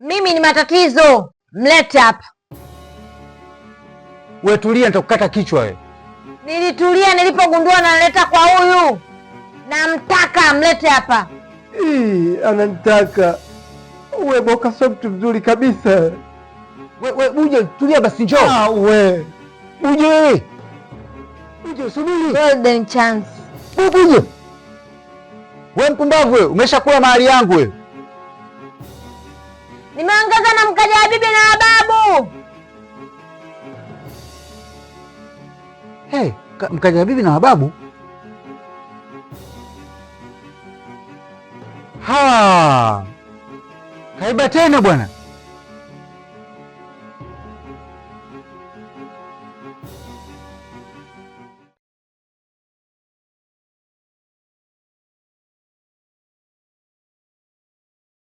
Mimi ni matatizo, mlete hapa. We tulia, nitakukata kichwa we. Nilitulia nilipogundua naleta kwa huyu, namtaka mlete hapa. Anamtaka we, Boka sio mtu mzuri kabisa. We, we, uje tulia basi, njo ah, we, uje uje, subiri golden chance, uje we, mpumbavu umeshakula mahali yangu nimeongeza na mkaja wa bibi na babu. Hey, mkaja wa bibi na wababu ha kaiba tena bwana.